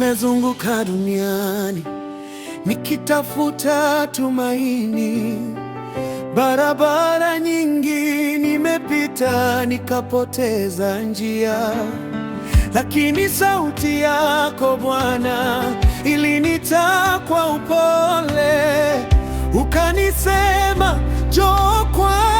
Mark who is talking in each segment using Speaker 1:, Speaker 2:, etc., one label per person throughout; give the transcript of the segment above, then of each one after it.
Speaker 1: Nimezunguka duniani nikitafuta tumaini, barabara nyingi nimepita, nikapoteza njia, lakini sauti yako Bwana ilinita kwa upole, ukanisema njoo kwa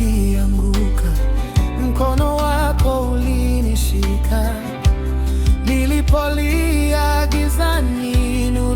Speaker 1: nikianguka, mkono wako ulinishika, nilipolia gizani